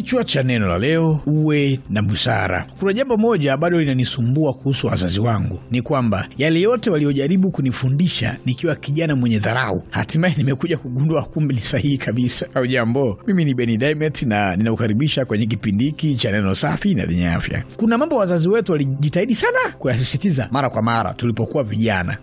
Kichwa cha neno la leo, uwe na busara. Kuna jambo moja bado linanisumbua kuhusu wazazi wangu, ni kwamba yale yote waliojaribu kunifundisha nikiwa kijana mwenye dharau, hatimaye nimekuja kugundua kumbi ni sahihi kabisa. Au jambo, mimi ni Beni Dimet na ninakukaribisha kwenye kipindi hiki cha neno safi na lenye afya. Kuna mambo wazazi wetu walijitahidi sana kuyasisitiza mara kwa mara tulipokuwa vijana,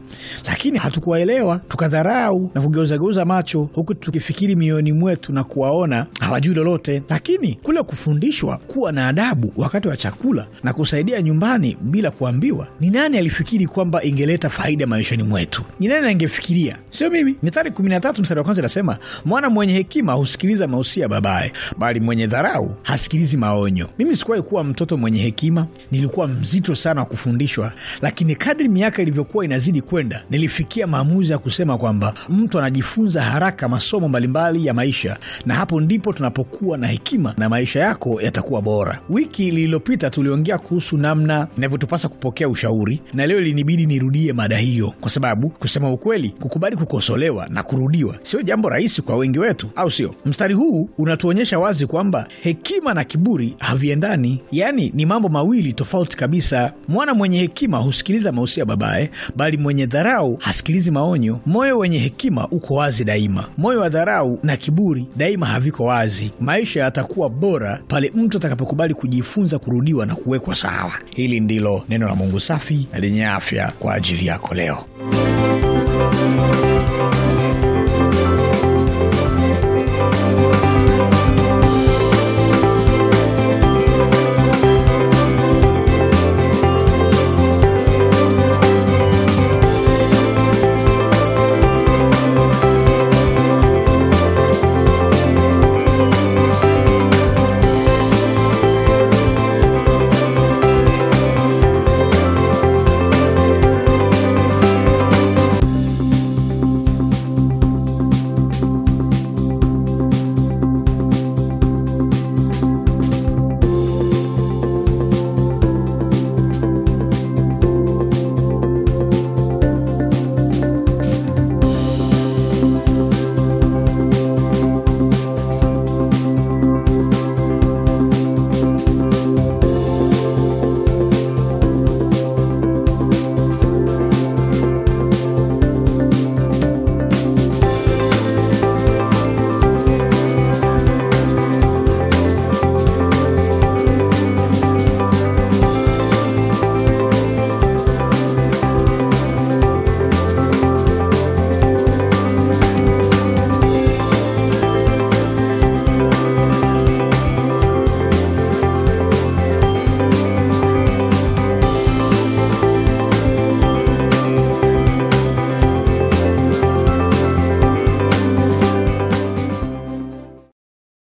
lakini hatukuwaelewa, tukadharau na kugeuzageuza macho, huku tukifikiri mioyoni mwetu na kuwaona hawajui lolote, lakini kule kufundishwa kuwa na adabu wakati wa chakula na kusaidia nyumbani bila kuambiwa, ni nani alifikiri kwamba ingeleta faida maishani mwetu? Ni nani angefikiria? Sio mimi. Mithali 13 mstari wa kwanza inasema, mwana mwenye hekima husikiliza mausia babaye, bali mwenye dharau hasikilizi maonyo. Mimi sikuwahi kuwa mtoto mwenye hekima, nilikuwa mzito sana wa kufundishwa, lakini kadri miaka ilivyokuwa inazidi kwenda, nilifikia maamuzi ya kusema kwamba mtu anajifunza haraka masomo mbalimbali ya maisha, na hapo ndipo tunapokuwa na hekima na maisha yako yatakuwa bora. Wiki lililopita tuliongea kuhusu namna inavyotupasa kupokea ushauri, na leo linibidi nirudie mada hiyo, kwa sababu kusema ukweli, kukubali kukosolewa na kurudiwa sio jambo rahisi kwa wengi wetu, au sio? Mstari huu unatuonyesha wazi kwamba hekima na kiburi haviendani, yaani ni mambo mawili tofauti kabisa. Mwana mwenye hekima husikiliza mausia babaye, bali mwenye dharau hasikilizi maonyo. Moyo wenye hekima uko wazi daima, moyo wa dharau na kiburi daima haviko wazi. Maisha yatakuwa bora bora pale mtu atakapokubali kujifunza, kurudiwa na kuwekwa sawa. Hili ndilo neno la Mungu safi na lenye afya kwa ajili yako leo.